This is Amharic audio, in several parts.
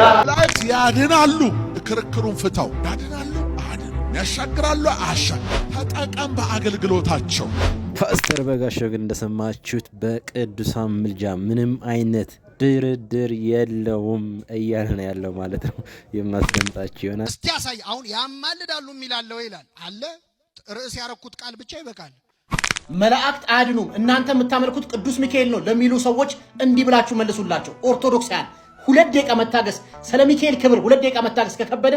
ላይት ያድናሉ። ክርክሩን ፍታው ያድናሉ፣ አድኑ፣ ያሻግራሉ፣ አሻ ተጠቀም በአገልግሎታቸው። ፓስተር በጋሻው ግን እንደሰማችሁት በቅዱሳን ምልጃ ምንም አይነት ድርድር የለውም እያለ ነው ያለው ማለት ነው። የማስደምጣችሁ ይሆናል። እስቲ ያሳይ። አሁን ያማልዳሉ የሚላለው ይላል አለ ርዕስ ያረኩት ቃል ብቻ ይበቃል። መላእክት አያድኑም፣ እናንተ የምታመልኩት ቅዱስ ሚካኤል ነው ለሚሉ ሰዎች እንዲህ ብላችሁ መልሱላቸው። ኦርቶዶክሳውያን ሁለት ደቂቃ መታገስ፣ ስለ ሚካኤል ክብር ሁለት ደቂቃ መታገስ ከከበደ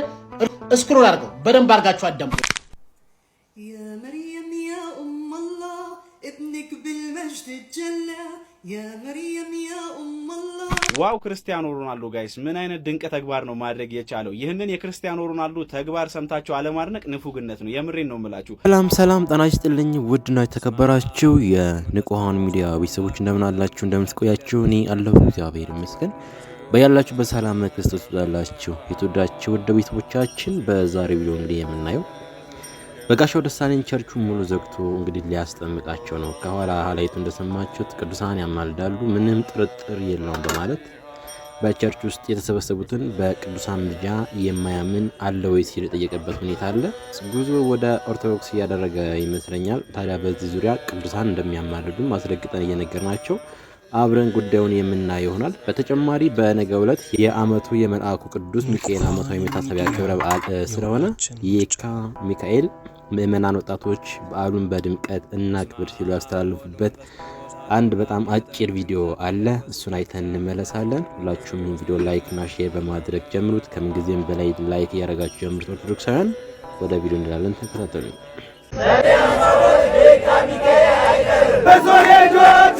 እስክሮል አድርገው በደንብ አድርጋችሁ አዳምጡ። ያ መርየም ያ ዋው ክርስቲያኖ ሮናልዶ ጋይስ ምን አይነት ድንቅ ተግባር ነው ማድረግ የቻለው። ይህንን የክርስቲያኖ ሮናልዶ ተግባር ሰምታችሁ አለማድነቅ ንፉግነት ነው። የምሬን ነው ምላችሁ። ሰላም ሰላም፣ ጤና ይስጥልኝ ውድና የተከበራችሁ የንቁሃን ሚዲያ ቤተሰቦች እንደምን አላችሁ? እንደምትቆያችሁ? እኔ አለሁ እግዚአብሔር ይመስገን። በያላችሁ በሰላም ክርስቶስ ላላችሁ የተወዳችሁ ውድ ቤተሰቦቻችን በዛሬ ቪዲዮ እንግዲህ የምናየው በጋሻው ደሳለኝ ቸርቹ ሙሉ ዘግቶ እንግዲህ ሊያስጠምቃቸው ነው። ከኋላ ሀላይቱ እንደሰማችሁት ቅዱሳን ያማልዳሉ፣ ምንም ጥርጥር የለውም በማለት በቸርች ውስጥ የተሰበሰቡትን በቅዱሳን ምልጃ የማያምን አለ ወይ ሲል የጠየቀበት ሁኔታ አለ። ጉዞ ወደ ኦርቶዶክስ እያደረገ ይመስለኛል። ታዲያ በዚህ ዙሪያ ቅዱሳን እንደሚያማልዱም አስረግጠን ናቸው። አብረን ጉዳዩን የምናየው ይሆናል። በተጨማሪ በነገ ዕለት የአመቱ የመልአኩ ቅዱስ ሚካኤል አመታዊ መታሰቢያ ክብረ በዓል ስለሆነ የካ ሚካኤል ምእመናን ወጣቶች በዓሉን በድምቀት ክብር ሲሉ ያስተላልፉበት አንድ በጣም አጭር ቪዲዮ አለ። እሱን አይተን እንመለሳለን። ሁላችሁም ቪዲዮ ላይክ እና ሼር በማድረግ ጀምሩት። ከምንጊዜም በላይ ላይክ እያደረጋችሁ ጀምሩት። ኦርቶዶክሳውያን ወደ ቪዲዮ እንላለን። ተከታተሉ።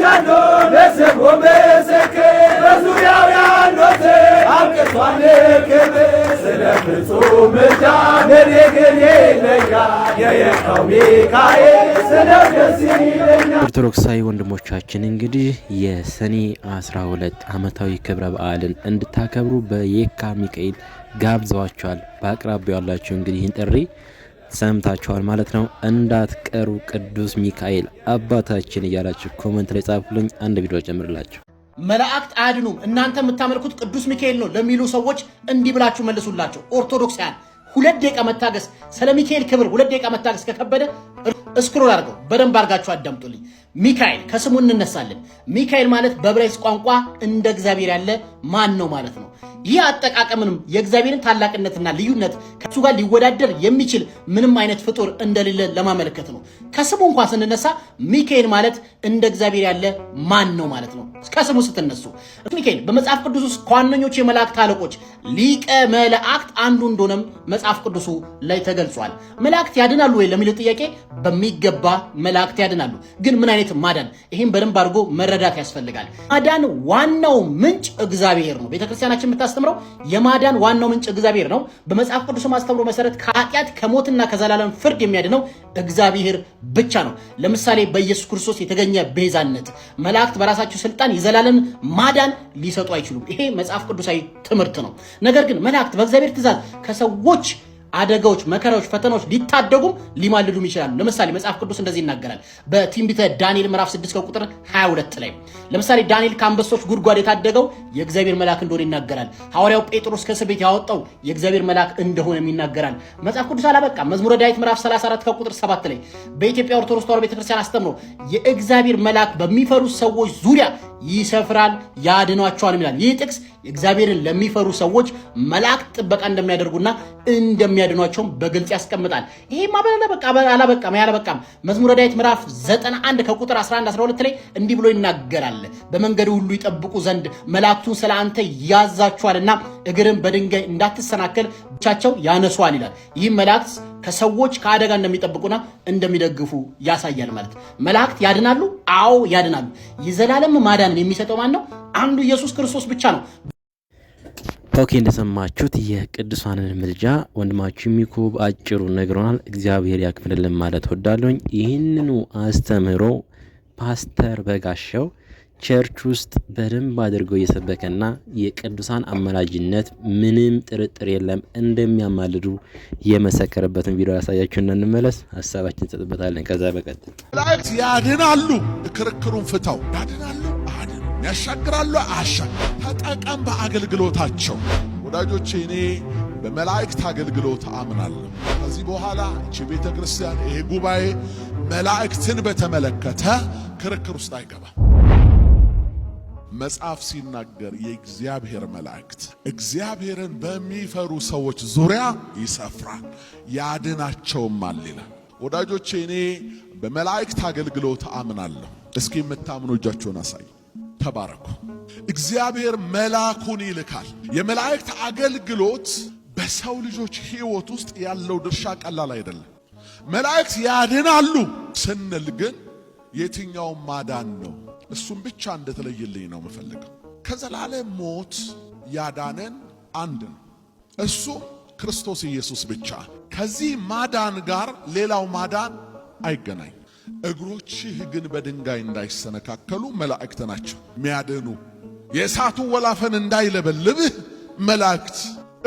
አሉ ለስሙ ምስክር በዙሪያው ያሉት አብቅቷል ክብር ስለ ፍጹም ምልጃ እኔ ግን ሚካኤል ስለ ደስ ይለኛል። ኦርቶዶክሳዊ ወንድሞቻችን እንግዲህ የሰኔ 12 አመታዊ ክብረ በዓልን እንድታከብሩ በየካ ሚካኤል ጋብዘዋቸዋል። በአቅራቢያው ያላቸው እንግዲህ ይህን ጥሪ ሰምታችኋል ማለት ነው። እንዳትቀሩ ቅዱስ ሚካኤል አባታችን እያላችሁ ኮመንት ላይ ጻፉልኝ። አንድ ቪዲዮ ጀምርላችሁ። መላእክት አያድኑም እናንተ የምታመልኩት ቅዱስ ሚካኤል ነው ለሚሉ ሰዎች እንዲህ ብላችሁ መልሱላቸው። ኦርቶዶክሳያን ሁለት ደቂቃ መታገስ፣ ስለ ሚካኤል ክብር ሁለት ደቂቃ መታገስ ከከበደ እስክሮል አድርገው በደንብ አድርጋችሁ አዳምጡልኝ። ሚካኤል ከስሙ እንነሳለን። ሚካኤል ማለት በዕብራይስጥ ቋንቋ እንደ እግዚአብሔር ያለ ማን ነው ማለት ነው። ይህ አጠቃቀምንም የእግዚአብሔርን ታላቅነትና ልዩነት ከሱ ጋር ሊወዳደር የሚችል ምንም አይነት ፍጡር እንደሌለ ለማመለከት ነው። ከስሙ እንኳ ስንነሳ ሚካኤል ማለት እንደ እግዚአብሔር ያለ ማን ነው ማለት ነው። ከስሙ ስትነሱ ሚካኤል በመጽሐፍ ቅዱስ ውስጥ ከዋነኞቹ የመላእክት አለቆች ሊቀ መላእክት አንዱ እንደሆነም መጽሐፍ ቅዱሱ ላይ ተገልጿል። መላእክት ያድናሉ ወይ ለሚለው ጥያቄ በሚገባ መላእክት ያድናሉ። ግን ምን አይነት ማዳን? ይህም በደንብ አድርጎ መረዳት ያስፈልጋል። ማዳን ዋናው ምንጭ እግዚአብሔር ነው። ቤተክርስቲያናችን የምታስ የምታስተምረው የማዳን ዋናው ምንጭ እግዚአብሔር ነው። በመጽሐፍ ቅዱስ ማስተምሮ መሰረት ከኃጢአት ከሞትና ከዘላለም ፍርድ የሚያድነው እግዚአብሔር ብቻ ነው። ለምሳሌ በኢየሱስ ክርስቶስ የተገኘ ቤዛነት መላእክት በራሳቸው ስልጣን የዘላለም ማዳን ሊሰጡ አይችሉም። ይሄ መጽሐፍ ቅዱሳዊ ትምህርት ነው። ነገር ግን መላእክት በእግዚአብሔር ትእዛዝ ከሰዎች አደጋዎች፣ መከራዎች፣ ፈተናዎች ሊታደጉም ሊማልዱም ይችላሉ። ለምሳሌ መጽሐፍ ቅዱስ እንደዚህ ይናገራል በትንቢተ ዳንኤል ምዕራፍ 6 ከቁጥር 22 ላይ ለምሳሌ ዳንኤል ከአንበሶች ጉድጓድ የታደገው የእግዚአብሔር መልአክ እንደሆነ ይናገራል። ሐዋርያው ጴጥሮስ ከእስር ቤት ያወጣው የእግዚአብሔር መልአክ እንደሆነም ይናገራል። መጽሐፍ ቅዱስ አላበቃ። መዝሙረ ዳዊት ምዕራፍ 34 ከቁጥር 7 ላይ በኢትዮጵያ ኦርቶዶክስ ተዋሕዶ ቤተክርስቲያን አስተምሮ የእግዚአብሔር መልአክ በሚፈሩ ሰዎች ዙሪያ ይሰፍራል ያድኗቸዋል ይላል። ይህ ጥቅስ እግዚአብሔርን ለሚፈሩ ሰዎች መላእክት ጥበቃ እንደሚያደርጉና እንደሚያድኗቸውም በግልጽ ያስቀምጣል። ይሄም አላበቃም አላበቃም። መዝሙረ ዳዊት ምዕራፍ 91 ከቁጥር 11 12 ላይ እንዲህ ብሎ ይናገራል። በመንገድ ሁሉ ይጠብቁ ዘንድ መላእክቱን ስለ አንተ ያዛቸዋልና እግርን በድንጋይ እንዳትሰናከል ብቻቸው ያነሷል ይላል። ይህም መላእክት ከሰዎች ከአደጋ እንደሚጠብቁና እንደሚደግፉ ያሳያል። ማለት መላእክት ያድናሉ። አዎ ያድናሉ። የዘላለም ማዳንን የሚሰጠው ማን ነው? አንዱ ኢየሱስ ክርስቶስ ብቻ ነው። ኦኬ እንደሰማችሁት የቅዱሳንን ምልጃ ወንድማችሁ ሚኮ በአጭሩ ነግሮናል። እግዚአብሔር ያክፍልልን ማለት ወዳለኝ። ይህንኑ አስተምህሮ ፓስተር በጋሻው ቸርች ውስጥ በደንብ አድርገው እየሰበከና የቅዱሳን አማላጅነት ምንም ጥርጥር የለም እንደሚያማልዱ የመሰከረበትን ቪዲዮ ያሳያችሁና እንመለስ። ሀሳባችን እንሰጥበታለን። ከዛ በቀጥል ያድናሉ። ክርክሩን ፍታው ያድናሉ ያሻግራሉ። አሻ ተጠቀም በአገልግሎታቸው። ወዳጆቼ እኔ በመላእክት አገልግሎት አምናለሁ። ከዚህ በኋላ እቺ ቤተ ክርስቲያን ይሄ ጉባኤ መላእክትን በተመለከተ ክርክር ውስጥ አይገባም። መጽሐፍ ሲናገር የእግዚአብሔር መላእክት እግዚአብሔርን በሚፈሩ ሰዎች ዙሪያ ይሰፍራል ያድናቸውማል ይላል። ወዳጆቼ እኔ በመላእክት አገልግሎት አምናለሁ። እስኪ የምታምኑ እጃቸውን አሳይ። ተባረኩ። እግዚአብሔር መልአኩን ይልካል። የመላእክት አገልግሎት በሰው ልጆች ሕይወት ውስጥ ያለው ድርሻ ቀላል አይደለም። መላእክት ያድናሉ ስንል ግን የትኛው ማዳን ነው? እሱም ብቻ እንደተለየልኝ ነው የምፈልገው። ከዘላለም ሞት ያዳነን አንድ ነው፣ እሱም ክርስቶስ ኢየሱስ ብቻ። ከዚህ ማዳን ጋር ሌላው ማዳን አይገናኝ። እግሮችህ ግን በድንጋይ እንዳይሰነካከሉ መላእክት ናቸው ሚያድኑ። የእሳቱ ወላፈን እንዳይለበልብህ መላእክት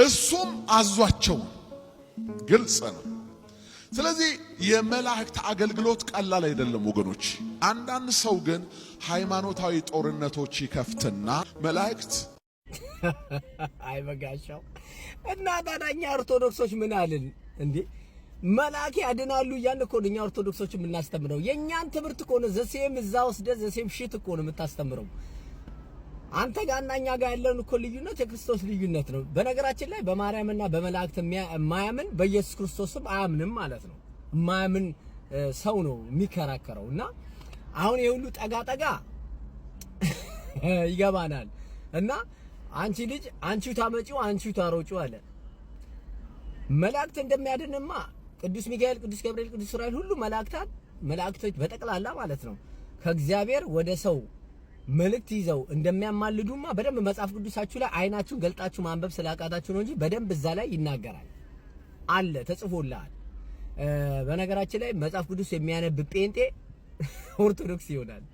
እሱም አዟቸው ግልጽ ነው። ስለዚህ የመላእክት አገልግሎት ቀላል አይደለም ወገኖች። አንዳንድ ሰው ግን ሃይማኖታዊ ጦርነቶች ይከፍትና መላእክት አይበጋሻው እና ታዲያ እኛ ኦርቶዶክሶች ምን አልን እንዴ? መልአክ ያድናሉ እያልን እኮ እኛ ኦርቶዶክሶች የምናስተምረው የእኛን ትምህርት ከሆነ ዘሴም እዛ ወስደ ዘሴም ሽት እኮ ነው የምታስተምረው። አንተ ጋርና እኛ ጋር እኮ ልዩነት የክርስቶስ ልዩነት ነው። በነገራችን ላይ በማርያምና በመላእክት የማያምን በኢየሱስ ክርስቶስም አያምንም ማለት ነው። የማያምን ሰው ነው የሚከራከረው። እና አሁን የሁሉ ጠጋ ጠጋ ይገባናል። እና አንቺ ልጅ አንቺው ታመጪው አንቺው ታሮጪው አለ መላእክት እንደሚያድንማ ቅዱስ ሚካኤል፣ ቅዱስ ገብርኤል፣ ቅዱስ ሱራኤል ሁሉ መላእክታት መላእክቶች በጠቅላላ ማለት ነው ከእግዚአብሔር ወደ ሰው መልእክት ይዘው እንደሚያማልዱማ በደንብ መጽሐፍ ቅዱሳችሁ ላይ አይናችሁን ገልጣችሁ ማንበብ ስላቃታችሁ ነው እንጂ በደንብ እዛ ላይ ይናገራል አለ ተጽፎልሃል። በነገራችን ላይ መጽሐፍ ቅዱስ የሚያነብ ጴንጤ ኦርቶዶክስ ይሆናል።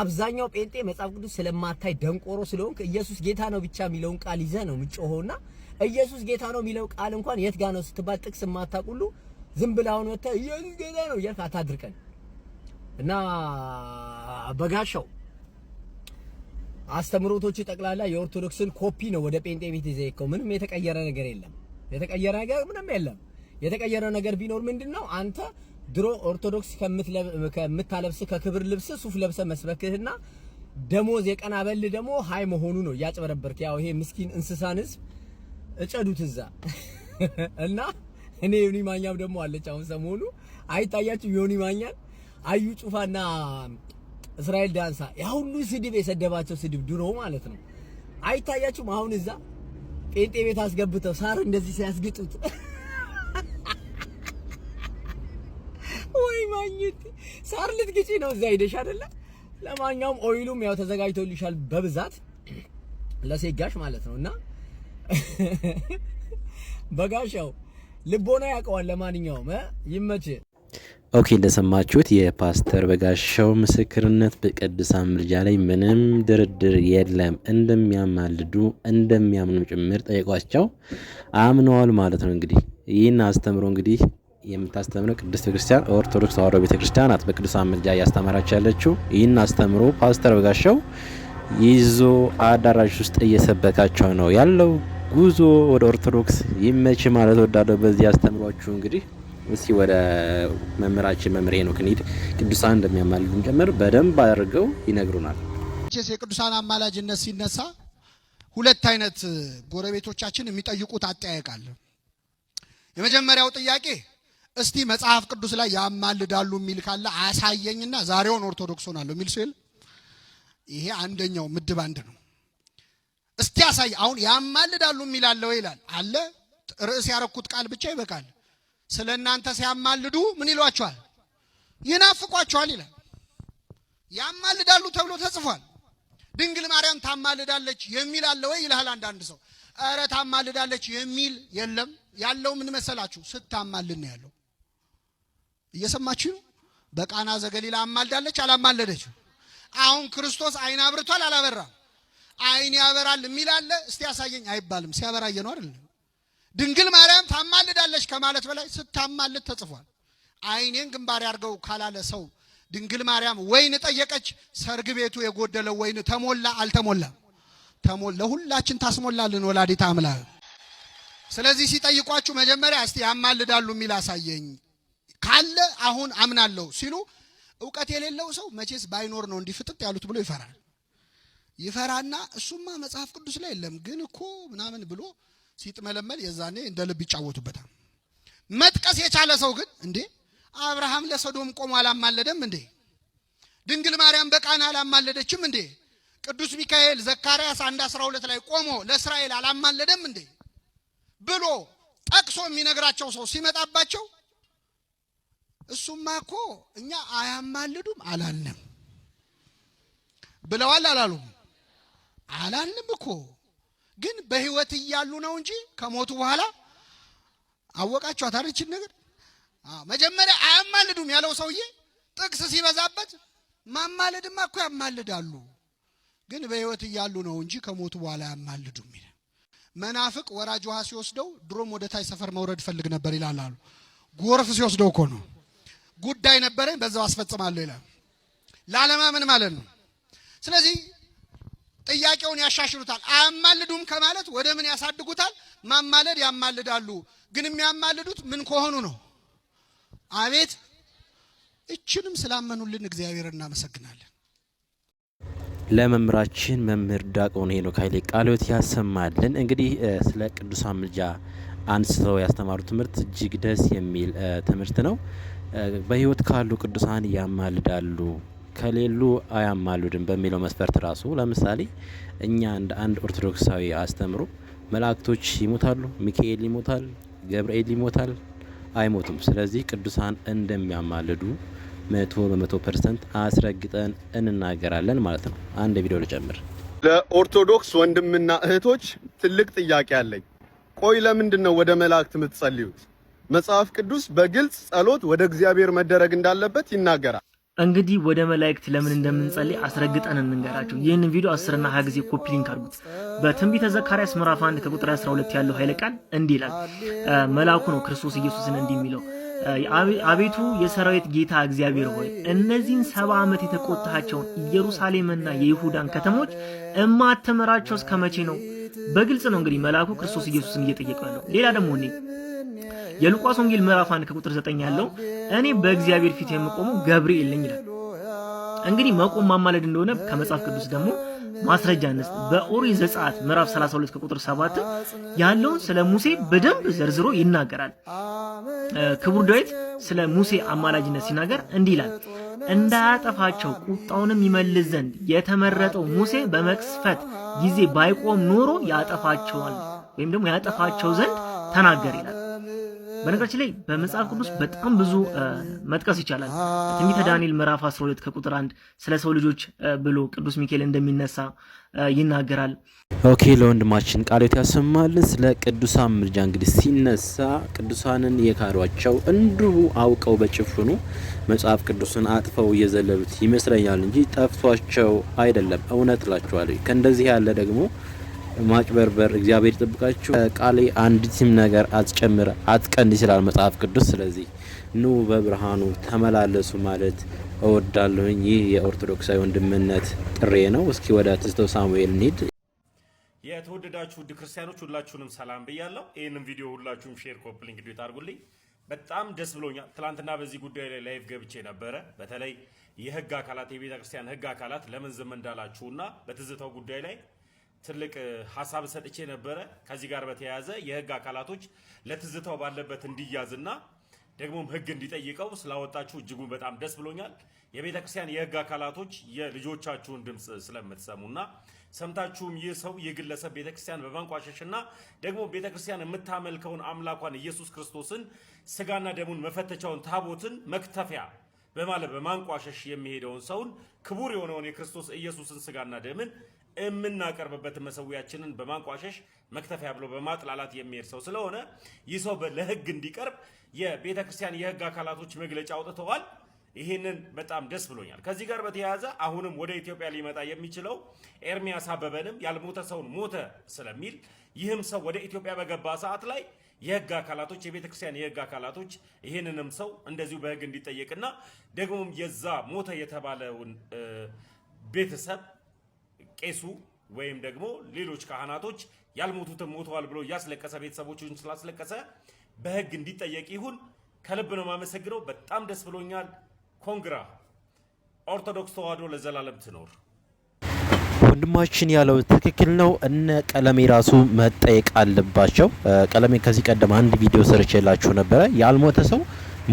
አብዛኛው ጴንጤ መጽሐፍ ቅዱስ ስለማታይ ደንቆሮ ስለሆንክ ኢየሱስ ጌታ ነው ብቻ የሚለውን ቃል ይዘህ ነው የምትጮኸውና ኢየሱስ ጌታ ነው የሚለው ቃል እንኳን የት ጋ ነው ስትባል ጥቅስ የማታውቅ ሁሉ ዝም ብለህ አሁን ወጥተህ ኢየሱስ ጌታ ነው እያልክ አታድርቀን። እና በጋሻው አስተምሮቶች ጠቅላላ የኦርቶዶክስን ኮፒ ነው ወደ ጴንጤ ቤት ይዘህ የሄድከው። ምንም የተቀየረ ነገር የለም። የተቀየረ ነገር ምንም የለም። የተቀየረ ነገር ቢኖር ምንድነው አንተ ድሮ ኦርቶዶክስ ከምታለብስ ከክብር ልብስ ሱፍ ለብሰ መስበክህና ደሞዝ የቀናበል ደግሞ ሀይ መሆኑ ነው። እያጭበረበርክ ያው ይሄ ምስኪን እንስሳን ህዝብ እጨዱት እዛ እና እኔ ዮኒ ማኛም ደግሞ አለች። አሁን ሰሞኑ አይታያችሁ ዮኒ ማኛን አዩ ጩፋና እስራኤል ዳንሳ ያ ሁሉ ስድብ የሰደባቸው ስድብ ድሮ ማለት ነው። አይታያችሁም? አሁን እዛ ጴንጤ ቤት አስገብተው ሳር እንደዚህ ሲያስግጡት ወይ ማኝት ሳር ልትግጪ ነው እዛ ሄደሽ አይደለ? ለማንኛውም ኦይሉም ያው ተዘጋጅቶልሻል በብዛት ለሴጋሽ ማለት ነው እና በጋሻው ልቦና ያውቀዋል። ለማንኛውም ይመች። ኦኬ እንደሰማችሁት የፓስተር በጋሻው ምስክርነት በቅዱሳን ምልጃ ላይ ምንም ድርድር የለም። እንደሚያማልዱ እንደሚያምኑም ጭምር ጠይቋቸው አምነዋል ማለት ነው። እንግዲህ ይህን አስተምሮ እንግዲህ የምታስተምረው ቅድስት ቤተክርስቲያን ኦርቶዶክስ ተዋሕዶ ቤተክርስቲያን ናት። በቅዱሳን ምልጃ እያስተማራች ያለችው ይህን አስተምሮ ፓስተር በጋሻው ይዞ አዳራሽ ውስጥ እየሰበካቸው ነው ያለው። ጉዞ ወደ ኦርቶዶክስ ይመች ማለት ወዳለው በዚህ አስተምሯችሁ። እንግዲህ እስቲ ወደ መምህራችን መምህር ሄኖክ እንሂድ። ቅዱሳን እንደሚያማልዱን ጨምር በደንብ አድርገው ይነግሩናል። የቅዱሳን አማላጅነት ሲነሳ ሁለት አይነት ጎረቤቶቻችን የሚጠይቁት አጠያየቃለ። የመጀመሪያው ጥያቄ እስቲ መጽሐፍ ቅዱስ ላይ ያማልዳሉ የሚል ካለ አሳየኝና ዛሬውን ኦርቶዶክስ ሆናለሁ የሚል ሲል ይሄ አንደኛው ምድብ አንድ ነው። እስቲ ያሳይ። አሁን ያማልዳሉ የሚላለው ይላል አለ። ርዕስ ያረኩት ቃል ብቻ ይበቃል። ስለ እናንተ ሲያማልዱ ምን ይሏቸዋል? ይናፍቋቸዋል ይላል። ያማልዳሉ ተብሎ ተጽፏል። ድንግል ማርያም ታማልዳለች የሚል አለ ወይ ይልሃል አንዳንድ ሰው። እረ ታማልዳለች የሚል የለም። ያለው ምን መሰላችሁ? ስታማልን ነው ያለው። እየሰማችሁ ነው። በቃና ዘገሊላ አማልዳለች አላማለደችው አሁን ክርስቶስ አይን አብርቷል፣ አላበራም። አይን ያበራል የሚል አለ። እስቲ ያሳየኝ አይባልም። ሲያበራየ ነው አይደል? ድንግል ማርያም ታማልዳለች ከማለት በላይ ስታማልድ ተጽፏል። አይኔን ግንባሬ አርገው ካላለ ሰው ድንግል ማርያም ወይን ጠየቀች። ሰርግ ቤቱ የጎደለው ወይን ተሞላ አልተሞላም? ተሞላ። ሁላችን ታስሞላልን ወላዲተ አምላክ። ስለዚህ ሲጠይቋችሁ መጀመሪያ እስቲ ያማልዳሉ የሚል አሳየኝ ካለ አሁን አምናለሁ ሲሉ እውቀት የሌለው ሰው መቼስ ባይኖር ነው እንዲፍጥጥ ያሉት ብሎ ይፈራል። ይፈራና እሱማ መጽሐፍ ቅዱስ ላይ የለም ግን እኮ ምናምን ብሎ ሲጥመለመል የዛኔ እንደ ልብ ይጫወቱበታል። መጥቀስ የቻለ ሰው ግን እንዴ አብርሃም ለሰዶም ቆሞ አላማለደም እንዴ? ድንግል ማርያም በቃና አላማለደችም እንዴ? ቅዱስ ሚካኤል ዘካርያስ አንድ አስራ ሁለት ላይ ቆሞ ለእስራኤል አላማለደም እንዴ ብሎ ጠቅሶ የሚነግራቸው ሰው ሲመጣባቸው እሱማ እኮ እኛ አያማልዱም አላልንም ብለዋል። አላሉ አላልንም እኮ ግን በህይወት እያሉ ነው እንጂ ከሞቱ በኋላ አወቃቸው አለችን ነገር መጀመሪያ አያማልዱም ያለው ሰውዬ ጥቅስ ሲበዛበት ማማለድማ እኮ ያማልዳሉ፣ ግን በህይወት እያሉ ነው እንጂ ከሞቱ በኋላ ያማልዱም ይላል። መናፍቅ ወራጅ ውሃ ሲወስደው ድሮም ወደ ታች ሰፈር መውረድ ፈልግ ነበር ይላል አሉ። ጎርፍ ሲወስደው እኮ ነው ጉዳይ ነበረኝ፣ በዛው አስፈጽማለሁ ይላል። ላለማመን ማለት ነው። ስለዚህ ጥያቄውን ያሻሽሉታል። አያማልዱም ከማለት ወደ ምን ያሳድጉታል? ማማለድ ያማልዳሉ። ግን የሚያማልዱት ምን ከሆኑ ነው? አቤት እችንም ስላመኑልን እግዚአብሔር እናመሰግናለን። ለመምህራችን መምህር ዲያቆን ሄኖክ ኃይሌ ቃልዎት ያሰማልን። እንግዲህ ስለ ቅዱሳን ምልጃ አንስተው ያስተማሩ ትምህርት እጅግ ደስ የሚል ትምህርት ነው። በህይወት ካሉ ቅዱሳን ያማልዳሉ ከሌሉ አያማልዱም በሚለው መስፈርት ራሱ ለምሳሌ እኛ እንደ አንድ ኦርቶዶክሳዊ አስተምሮ መላእክቶች ይሞታሉ፣ ሚካኤል ይሞታል፣ ገብርኤል ይሞታል፣ አይሞቱም። ስለዚህ ቅዱሳን እንደሚያማልዱ መቶ በመቶ ፐርሰንት አስረግጠን እንናገራለን ማለት ነው። አንድ ቪዲዮ ልጨምር። ለኦርቶዶክስ ወንድምና እህቶች ትልቅ ጥያቄ አለኝ። ቆይ ለምንድን ነው ወደ መላእክት የምትጸልዩት? መጽሐፍ ቅዱስ በግልጽ ጸሎት ወደ እግዚአብሔር መደረግ እንዳለበት ይናገራል። እንግዲህ ወደ መላእክት ለምን እንደምንጸልይ አስረግጠን እንንገራቸው። ይህን ቪዲዮ አስርና ሀያ ጊዜ ኮፒ ሊንክ አድርጉት። በትንቢተ ዘካርያስ ምዕራፍ 1 ከቁጥር 12 ያለው ኃይለ ቃል እንዲህ ይላል። መልአኩ ነው ክርስቶስ ኢየሱስን እንዲህ የሚለው አቤቱ የሰራዊት ጌታ እግዚአብሔር ሆይ እነዚህን ሰባ ዓመት የተቆጣሃቸውን ኢየሩሳሌምና የይሁዳን ከተሞች እማትምራቸው እስከ መቼ ነው? በግልጽ ነው እንግዲህ መልአኩ ክርስቶስ ኢየሱስን እየጠየቀ ያለው። ሌላ ደግሞ እኔ የሉቃስ ወንጌል ምዕራፍ 1 ከቁጥር 9 ያለው እኔ በእግዚአብሔር ፊት የምቆመው ገብርኤል ነኝ ይላል። እንግዲህ መቆም ማማለድ እንደሆነ ከመጽሐፍ ቅዱስ ደግሞ ማስረጃ ነስ በኦሪት ዘጸአት ምዕራፍ 32 ከቁጥር 7 ያለውን ስለ ሙሴ በደንብ ዘርዝሮ ይናገራል። ክቡር ዳዊት ስለ ሙሴ አማላጅነት ሲናገር እንዲህ ይላል፣ እንዳያጠፋቸው ቁጣውንም ይመልስ ዘንድ የተመረጠው ሙሴ በመቅስፈት ጊዜ ባይቆም ኖሮ ያጠፋቸዋል ወይም ደግሞ ያጠፋቸው ዘንድ ተናገር ይላል። በነገራችን ላይ በመጽሐፍ ቅዱስ በጣም ብዙ መጥቀስ ይቻላል። ትንቢተ ዳንኤል ምዕራፍ 12 ከቁጥር 1 ስለ ሰው ልጆች ብሎ ቅዱስ ሚካኤል እንደሚነሳ ይናገራል። ኦኬ ለወንድማችን ቃሎት ያሰማልን። ስለ ቅዱሳን ምልጃ እንግዲህ ሲነሳ ቅዱሳንን የካዷቸው እንዲሁ አውቀው በጭፍኑ መጽሐፍ ቅዱስን አጥፈው እየዘለሉት ይመስለኛል እንጂ ጠፍቷቸው አይደለም። እውነት ላችኋለሁ ከእንደዚህ ያለ ደግሞ ማጭበርበር እግዚአብሔር ይጠብቃችሁ። ቃሌ አንዲትም ነገር አትጨምር አትቀንስ ይላል መጽሐፍ ቅዱስ። ስለዚህ ኑ በብርሃኑ ተመላለሱ ማለት እወዳለሁኝ። ይህ የኦርቶዶክሳዊ ወንድምነት ጥሬ ነው። እስኪ ወደ ትዝታው ሳሙኤል እንሂድ። የተወደዳችሁ ውድ ክርስቲያኖች ሁላችሁንም ሰላም ብያለሁ። ይህንም ቪዲዮ ሁላችሁም ሼር፣ ኮፒ ሊንክ ታርጉልኝ። በጣም ደስ ብሎኛል። ትናንትና በዚህ ጉዳይ ላይ ላይቭ ገብቼ ነበረ። በተለይ የህግ አካላት የቤተክርስቲያን ህግ አካላት ለምን ዝም እንዳላችሁና በትዝተው ጉዳይ ላይ ትልቅ ሀሳብ ሰጥቼ ነበረ። ከዚህ ጋር በተያያዘ የህግ አካላቶች ለትዝታው ባለበት እንዲያዝና ደግሞም ህግ እንዲጠይቀው ስላወጣችሁ እጅጉን በጣም ደስ ብሎኛል። የቤተ ክርስቲያን የህግ አካላቶች የልጆቻችሁን ድምፅ ስለምትሰሙና ሰምታችሁም ይህ ሰው ይህ ግለሰብ ቤተ ክርስቲያን በማንቋሸሽና ደግሞ ቤተ ክርስቲያን የምታመልከውን አምላኳን ኢየሱስ ክርስቶስን ስጋና ደሙን መፈተቻውን ታቦትን መክተፊያ በማለት በማንቋሸሽ የሚሄደውን ሰውን ክቡር የሆነውን የክርስቶስ ኢየሱስን ስጋና ደምን የምናቀርብበት መሰዊያችንን በማንቋሸሽ መክተፊያ ብሎ በማጥላላት የሚሄድ ሰው ስለሆነ ይህ ሰው ለህግ እንዲቀርብ የቤተ ክርስቲያን የህግ አካላቶች መግለጫ አውጥተዋል። ይህንን በጣም ደስ ብሎኛል። ከዚህ ጋር በተያያዘ አሁንም ወደ ኢትዮጵያ ሊመጣ የሚችለው ኤርሚያስ አበበንም ያልሞተ ሰውን ሞተ ስለሚል ይህም ሰው ወደ ኢትዮጵያ በገባ ሰዓት ላይ የህግ አካላቶች የቤተ ክርስቲያን የህግ አካላቶች ይህንንም ሰው እንደዚሁ በህግ እንዲጠየቅና ደግሞም የዛ ሞተ የተባለውን ቤተሰብ ቄሱ ወይም ደግሞ ሌሎች ካህናቶች ያልሞቱት ሞተዋል ብሎ እያስለቀሰ ቤተሰቦችን ስላስለቀሰ በህግ እንዲጠየቅ ይሁን። ከልብ ነው የማመሰግነው። በጣም ደስ ብሎኛል። ኮንግራ። ኦርቶዶክስ ተዋህዶ ለዘላለም ትኖር። ወንድማችን ያለው ትክክል ነው። እነ ቀለሜ ራሱ መጠየቅ አለባቸው። ቀለሜ ከዚህ ቀደም አንድ ቪዲዮ ሰርቼላችሁ ነበረ። ያልሞተ ሰው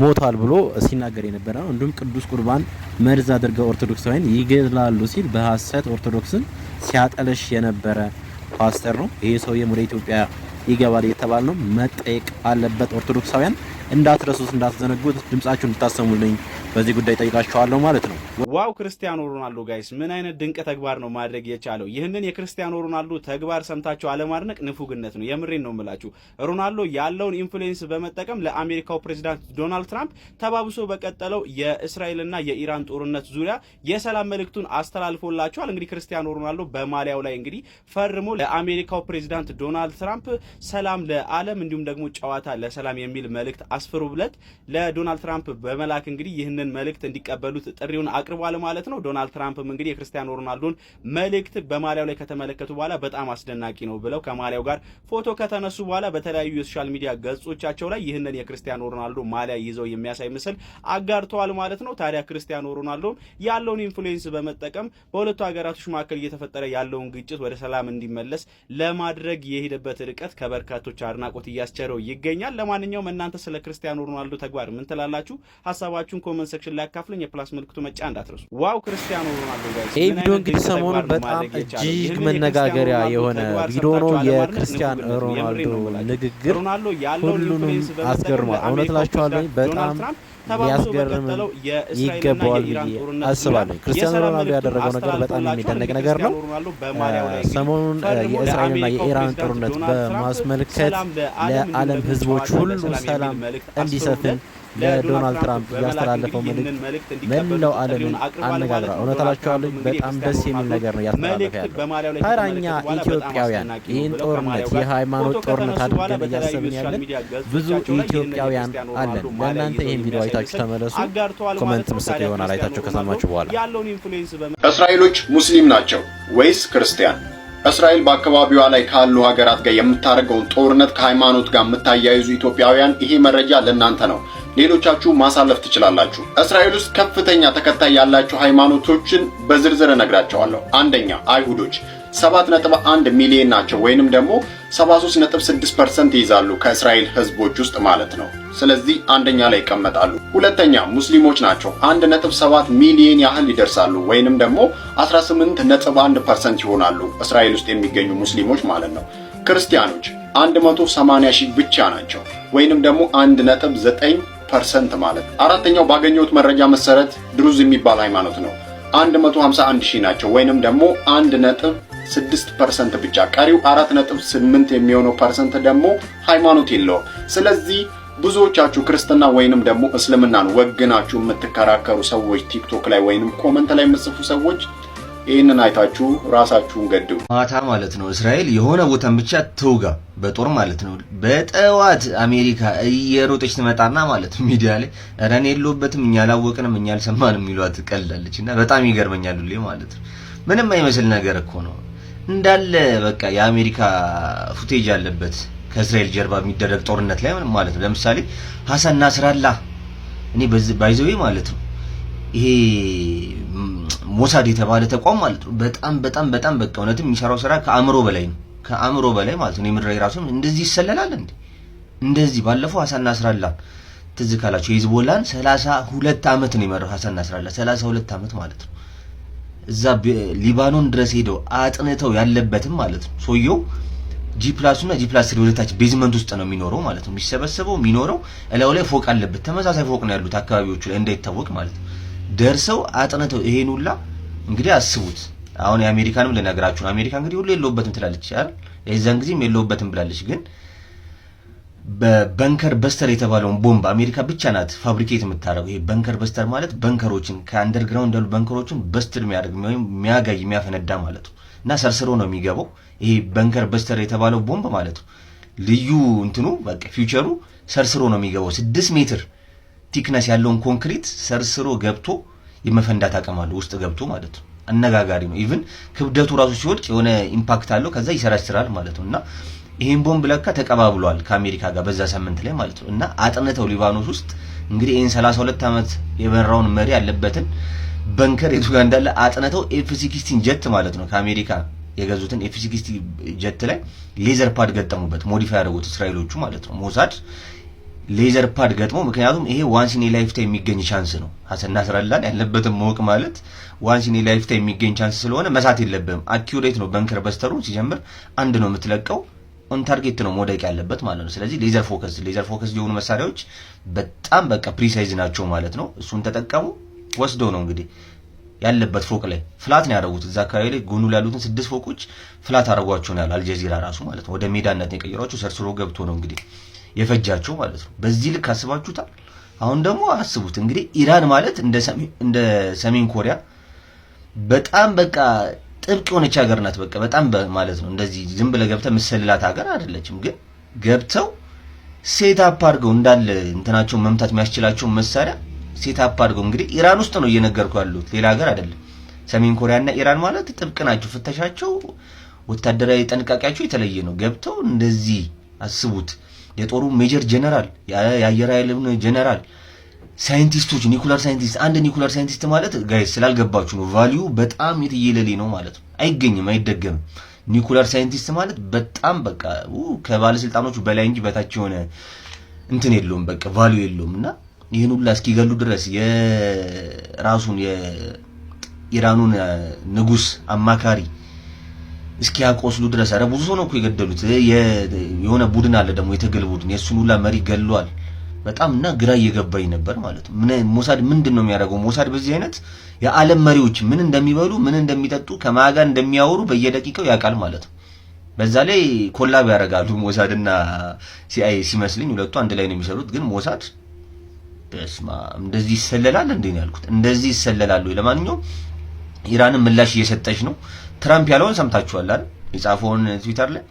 ሞቷል ብሎ ሲናገር የነበረ ነው። እንዲሁም ቅዱስ ቁርባን መርዝ አድርገው ኦርቶዶክሳውያን ይገላሉ ሲል በሀሰት ኦርቶዶክስን ሲያጠለሽ የነበረ ፓስተር ነው። ይሄ ሰውዬም ወደ ኢትዮጵያ ይገባል የተባለ ነው። መጠየቅ አለበት ኦርቶዶክሳውያን እንዳትረሱት፣ እንዳትዘነጉት ድምጻችሁ እንድታሰሙልኝ በዚህ ጉዳይ ጠይቃችኋለሁ ማለት ነው። ዋው ክርስቲያኖ ሮናልዶ ጋይስ፣ ምን አይነት ድንቅ ተግባር ነው ማድረግ የቻለው! ይህንን የክርስቲያኖ ሮናልዶ ተግባር ሰምታችሁ አለማድነቅ ንፉግነት ነው። የምሬን ነው ምላችሁ ሮናልዶ ያለውን ኢንፍሉዌንስ በመጠቀም ለአሜሪካው ፕሬዚዳንት ዶናልድ ትራምፕ ተባብሶ በቀጠለው የእስራኤልና የኢራን ጦርነት ዙሪያ የሰላም መልእክቱን አስተላልፎላቸዋል። እንግዲህ ክርስቲያኖ ሮናልዶ በማሊያው ላይ እንግዲህ ፈርሞ ለአሜሪካው ፕሬዚዳንት ዶናልድ ትራምፕ ሰላም ለዓለም እንዲሁም ደግሞ ጨዋታ ለሰላም የሚል መልእክት አስፍሩ ብለት ለዶናልድ ትራምፕ በመላክ እንግዲህ ይህንን መልእክት እንዲቀበሉት ጥሪውን አቅርቧል ማለት ነው። ዶናልድ ትራምፕም እንግዲህ የክርስቲያኖ ሮናልዶን መልእክት በማሊያው ላይ ከተመለከቱ በኋላ በጣም አስደናቂ ነው ብለው ከማሊያው ጋር ፎቶ ከተነሱ በኋላ በተለያዩ የሶሻል ሚዲያ ገጾቻቸው ላይ ይህንን የክርስቲያኖ ሮናልዶ ማሊያ ይዘው የሚያሳይ ምስል አጋርተዋል ማለት ነው። ታዲያ ክርስቲያኖ ሮናልዶም ያለውን ኢንፍሉዌንስ በመጠቀም በሁለቱ ሀገራቶች መካከል እየተፈጠረ ያለውን ግጭት ወደ ሰላም እንዲመለስ ለማድረግ የሄደበት ርቀት ከበርካቶች አድናቆት እያስቸረው ይገኛል። ለማንኛውም እናንተ ስለ ክርስቲያኖ ሮናልዶ ተግባር ምን ትላላችሁ? ሀሳባችሁን ኮመንት ሴክሽን ላይ አካፍለኝ። የፕላስ ምልክቱ መጫ እንዳትረሱ። ዋው ክርስቲያኖ ሮናልዶ ይህ ቪዲዮ እንግዲህ ሰሞኑ በጣም እጅግ መነጋገሪያ የሆነ ቪዲዮ ነው። የክርስቲያን ሮናልዶ ንግግር ሁሉንም አስገርሟል። እውነት ላችኋለኝ በጣም ሊያስገርም ይገባዋል ብዬ አስባለሁ። ክርስቲያኖ ሮናልዶ ያደረገው ነገር በጣም የሚደነቅ ነገር ነው። ሰሞኑን የእስራኤልና የኢራን ጦርነት በማስመልከት ለዓለም ሕዝቦች ሁሉ ሰላም እንዲሰፍን ለዶናልድ ትራምፕ እያስተላለፈው መልእክት ነው? ዓለምን አነጋግራ እውነት እላቸዋለሁ በጣም ደስ የሚል ነገር ነው እያስተላለፈ ያለው። ታዲያ ኢትዮጵያውያን ይህን ጦርነት የሃይማኖት ጦርነት አድርገን እያሰብን ያለን ብዙ ኢትዮጵያውያን አለን። ለእናንተ ይህን ቪዲዮ አይታችሁ ተመለሱ። ኮመንት ምስል ይሆናል አይታችሁ ከሰማችሁ በኋላ እስራኤሎች ሙስሊም ናቸው ወይስ ክርስቲያን? እስራኤል በአካባቢዋ ላይ ካሉ ሀገራት ጋር የምታደርገውን ጦርነት ከሃይማኖት ጋር የምታያይዙ ኢትዮጵያውያን ይሄ መረጃ ለእናንተ ነው። ሌሎቻችሁ ማሳለፍ ትችላላችሁ። እስራኤል ውስጥ ከፍተኛ ተከታይ ያላቸው ሃይማኖቶችን በዝርዝር እነግራቸዋለሁ። አንደኛ አይሁዶች 7.1 ሚሊዮን ናቸው ወይንም ደግሞ 73.6% ይይዛሉ ከእስራኤል ህዝቦች ውስጥ ማለት ነው። ስለዚህ አንደኛ ላይ ይቀመጣሉ። ሁለተኛ ሙስሊሞች ናቸው 1.7 ሚሊዮን ያህል ይደርሳሉ ወይንም ደግሞ 18.1% ይሆናሉ እስራኤል ውስጥ የሚገኙ ሙስሊሞች ማለት ነው። ክርስቲያኖች 180 ሺህ ብቻ ናቸው ወይንም ደግሞ 1.9 ፐርሰንት ማለት ነው። አራተኛው ባገኘሁት መረጃ መሰረት ድሩዝ የሚባል ሃይማኖት ነው። 151 ሺህ ናቸው ወይንም ደግሞ 1 ነጥብ 6 ፐርሰንት ብቻ። ቀሪው 4 ነጥብ 8 የሚሆነው ፐርሰንት ደግሞ ሃይማኖት የለውም። ስለዚህ ብዙዎቻችሁ ክርስትና ወይንም ደግሞ እስልምናን ወግናችሁ የምትከራከሩ ሰዎች ቲክቶክ ላይ ወይንም ኮመንት ላይ የምጽፉ ሰዎች ይህንን አይታችሁ ራሳችሁን ገድቡ። ማታ ማለት ነው እስራኤል የሆነ ቦታን ብቻ ትውጋ በጦር ማለት ነው። በጠዋት አሜሪካ እየሮጠች ትመጣና ማለት ነው ሚዲያ ላይ ኧረ እኔ የለሁበትም እኛ አላወቅንም እኛ አልሰማንም የሚሏት ትቀላለች። እና በጣም ይገርመኛል ሁሌ ማለት ነው። ምንም አይመስል ነገር እኮ ነው እንዳለ በቃ የአሜሪካ ፉቴጅ ያለበት ከእስራኤል ጀርባ የሚደረግ ጦርነት ላይ ማለት ነው። ለምሳሌ ሀሰን ናስራላ እኔ ባይዘዌ ማለት ነው ይሄ ሞሳድ የተባለ ተቋም ማለት ነው። በጣም በጣም በጣም በቃ እውነትም የሚሰራው ስራ ከአእምሮ በላይ ነው። ከአእምሮ በላይ ማለት ነው። የምድራዊ ራሱም እንደዚህ ይሰለላል እንዴ? እንደዚህ ባለፈው ሀሳን ናስራላ ትዝ ካላቸው የሂዝቦላን ሰላሳ ሁለት ዓመት ነው የመራው ሀሳን ናስራላ ሰላሳ ሁለት ዓመት ማለት ነው። እዛ ሊባኖን ድረስ ሄደው አጥንተው ያለበትም ማለት ነው። ሰውየው ጂ ፕላሱ እና ጂ ፕላስ ስሪ ወደታች ቤዝመንት ውስጥ ነው የሚኖረው ማለት ነው። የሚሰበሰበው የሚኖረው እላዩ ላይ ፎቅ አለበት። ተመሳሳይ ፎቅ ነው ያሉት አካባቢዎቹ ላይ እንዳይታወቅ ማለት ነው። ደርሰው አጥንተው ይሄን ሁላ እንግዲህ አስቡት። አሁን የአሜሪካንም ልነግራችሁ ነው። አሜሪካ እንግዲህ ሁሉ የለውበትም ትላለች አይደል? የዛን ጊዜም የለውበትም ብላለች። ግን በበንከር በስተር የተባለውን ቦምብ አሜሪካ ብቻ ናት ፋብሪኬት የምታደርገው። ይሄ በንከር በስተር ማለት በንከሮችን ከአንደርግራውንድ ያሉ በንከሮችን በስትር የሚያደርግ ወይም የሚያጋይ የሚያፈነዳ ማለት ነው እና ሰርስሮ ነው የሚገባው። ይሄ በንከር በስተር የተባለው ቦምብ ማለት ነው። ልዩ እንትኑ በቃ ፊውቸሩ ሰርስሮ ነው የሚገባው ስድስት ሜትር ቲክነስ ያለውን ኮንክሪት ሰርስሮ ገብቶ የመፈንዳት አቅም አለው፣ ውስጥ ገብቶ ማለት ነው። አነጋጋሪ ነው። ኢቭን ክብደቱ ራሱ ሲወድቅ የሆነ ኢምፓክት አለው። ከዛ ይሰራጭራል ማለት ነው እና ይህን ቦምብ ለካ ተቀባብሏል ከአሜሪካ ጋር በዛ ሳምንት ላይ ማለት ነው እና አጥንተው ሊባኖስ ውስጥ እንግዲህ ይህን 32 ዓመት የመራውን መሪ ያለበትን በንከር የቱ ጋር እንዳለ አጥንተው ኤፍ ሲክስቲን ጀት ማለት ነው ከአሜሪካ የገዙትን ኤፍ ሲክስቲ ጀት ላይ ሌዘር ፓድ ገጠሙበት፣ ሞዲፋይ ያደረጉት እስራኤሎቹ ማለት ነው ሞሳድ ሌዘር ፓድ ገጥሞ ምክንያቱም ይሄ ዋንሲኔ ላይፍታ የሚገኝ ቻንስ ነው። ሀሰን ናስረላን ያለበትን ማወቅ ማለት ዋንሲኔ ላይፍታ የሚገኝ ቻንስ ስለሆነ መሳት የለብህም። አኪሬት ነው በንከር በስተሩ ሲጀምር አንድ ነው የምትለቀው። ኦንታርጌት ነው መውደቅ ያለበት ማለት ነው። ስለዚህ ሌዘር ፎከስ ሌዘር ፎከስ የሆኑ መሳሪያዎች በጣም በቃ ፕሪሳይዝ ናቸው ማለት ነው። እሱን ተጠቀሙ። ወስዶ ነው እንግዲህ ያለበት ፎቅ ላይ ፍላት ነው ያደረጉት። እዛ አካባቢ ላይ ጎኑ ያሉትን ስድስት ፎቆች ፍላት አድርጓቸው ነው ያሉ አልጀዚራ ራሱ ማለት ነው። ወደ ሜዳነት የቀየሯቸው ሰርስሮ ገብቶ ነው እንግዲህ የፈጃቸው ማለት ነው። በዚህ ልክ አስባችሁታል። አሁን ደግሞ አስቡት እንግዲህ ኢራን ማለት እንደ ሰሜን ኮሪያ በጣም በቃ ጥብቅ የሆነች ሀገር ናት። በቃ በጣም ማለት ነው እንደዚህ ዝም ብለህ ገብተህ ምሰልላት ሀገር አይደለችም። ግን ገብተው ሴት አፕ አድርገው እንዳለ እንትናቸው መምታት የሚያስችላቸውን መሳሪያ ሴት አፕ አድርገው እንግዲህ ኢራን ውስጥ ነው እየነገርኩ ያሉት፣ ሌላ ሀገር አይደለም። ሰሜን ኮሪያና ኢራን ማለት ጥብቅ ናቸው። ፍተሻቸው፣ ወታደራዊ ጥንቃቄያቸው የተለየ ነው። ገብተው እንደዚህ አስቡት። የጦሩ ሜጀር ጀነራል፣ የአየር ኃይልን ጀነራል፣ ሳይንቲስቶች፣ ኒኩላር ሳይንቲስት። አንድ ኒኩላር ሳይንቲስት ማለት ጋይ ስላልገባችሁ ነው፣ ቫሊዩ በጣም የትየለሌ ነው ማለት ነው። አይገኝም፣ አይደገምም። ኒኩላር ሳይንቲስት ማለት በጣም በቃ ከባለስልጣኖቹ በላይ እንጂ በታች የሆነ እንትን የለውም፣ በቃ ቫሊዩ የለውም። እና ይህን ሁላ እስኪገሉ ድረስ የራሱን የኢራኑን ንጉስ አማካሪ እስኪያቆስሉ ድረስ። ኧረ ብዙ ሰው ነው እኮ የገደሉት። የሆነ ቡድን አለ ደግሞ የትግል ቡድን፣ የእሱን ሁላ መሪ ገሏል። በጣም እና ግራ እየገባኝ ነበር ማለት ነው። ሞሳድ ምንድን ነው የሚያደርገው? ሞሳድ በዚህ አይነት የዓለም መሪዎች ምን እንደሚበሉ ምን እንደሚጠጡ ከማጋ እንደሚያወሩ በየደቂቃው ያውቃል ማለት ነው። በዛ ላይ ኮላብ ያደርጋሉ ሞሳድና ሲአይ ሲመስልኝ ሁለቱ አንድ ላይ ነው የሚሰሩት። ግን ሞሳድ በስማ እንደዚህ ይሰለላል እንዴ ነው ያልኩት። እንደዚህ ይሰለላሉ። ለማንኛውም ኢራንን ምላሽ እየሰጠች ነው። ትራምፕ ያለውን ሰምታችኋል አይደል? የጻፈውን ትዊተር ላይ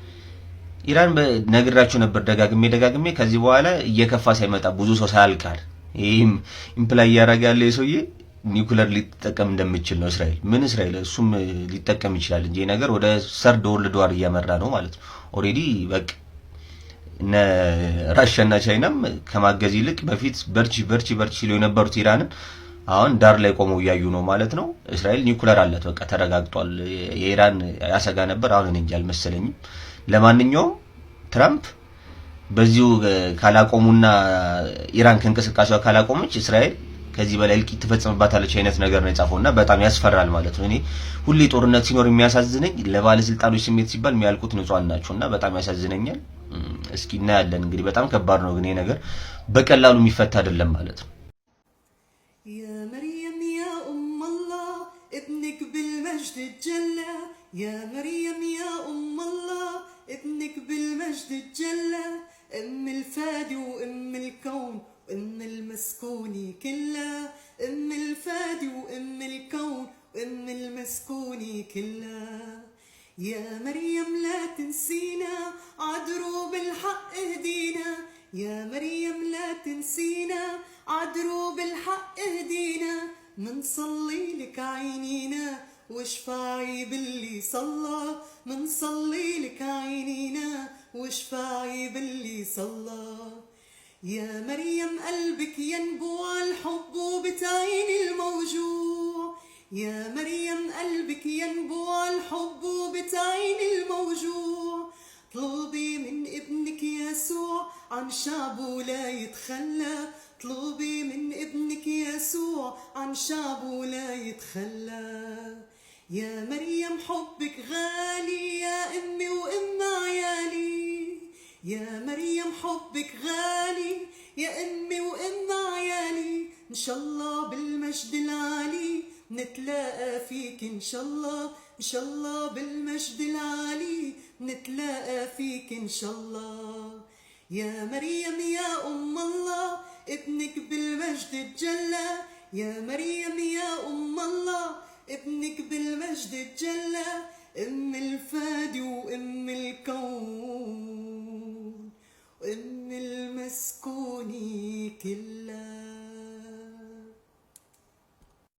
ኢራን ነግራችሁ ነበር ደጋግሜ ደጋግሜ፣ ከዚህ በኋላ እየከፋ ሳይመጣ ብዙ ሰው ሳያልቃል። ይህም ኢምፕላይ እያደረገ ያለ የሰውዬ ኒውክለር ሊጠቀም እንደምችል ነው እስራኤል ምን እስራኤል እሱም ሊጠቀም ይችላል እንጂ ነገር ወደ ሰርድ ወርልድ ዋር እያመራ ነው ማለት ነው። ኦልሬዲ በቃ እነ ራሽያና ቻይናም ከማገዝ ይልቅ በፊት በርቺ በርቺ በርቺ ሲሉ የነበሩት ኢራንን አሁን ዳር ላይ ቆመው እያዩ ነው ማለት ነው። እስራኤል ኒውክለር አለት በቃ ተረጋግጧል። የኢራን ያሰጋ ነበር። አሁን እኔ እንጂ አልመሰለኝም። ለማንኛውም ትራምፕ በዚሁ ካላቆሙና ኢራን ከእንቅስቃሴዋ ካላቆመች እስራኤል ከዚህ በላይ እልቂት ትፈጽምባታለች አይነት ነገር ነው የጻፈው እና በጣም ያስፈራል ማለት ነው። እኔ ሁሌ ጦርነት ሲኖር የሚያሳዝነኝ ለባለስልጣኖች ስሜት ሲባል የሚያልቁት ንጹሐን ናቸው እና በጣም ያሳዝነኛል። እስኪ እናያለን እንግዲህ። በጣም ከባድ ነው ግን ይሄ ነገር በቀላሉ የሚፈታ አይደለም ማለት ነው። تجلى يا مريم يا أم الله ابنك بالمجد تجلى أم الفادي وأم الكون وأم المسكون كلها أم الفادي وأم الكون وأم المسكون كلها يا مريم لا تنسينا عدرو الحق اهدينا يا مريم لا تنسينا عدرو الحق اهدينا منصلي لك عينينا وشفاعي باللي صلى صلي لك عينينا وشفاعي باللي صلى يا مريم قلبك ينبوع الحب وبتعيني الموجوع يا مريم قلبك ينبوع الحب وبتعيني الموجوع طلبي من ابنك يسوع عن شعبه لا يتخلى طلبي من ابنك يسوع عن شعبه لا يتخلى يا مريم حبك غالي يا امي وام عيالي يا مريم حبك غالي يا امي وام عيالي ان شاء الله بالمجد العالي نتلاقى فيك ان شاء الله ان شاء الله بالمجد العالي نتلاقى فيك ان شاء الله يا مريم يا ام الله ابنك بالمجد تجلى يا مريم يا ام الله ابنك بالمجد تجلى ام الفادي وام الكون وام المسكوني كلها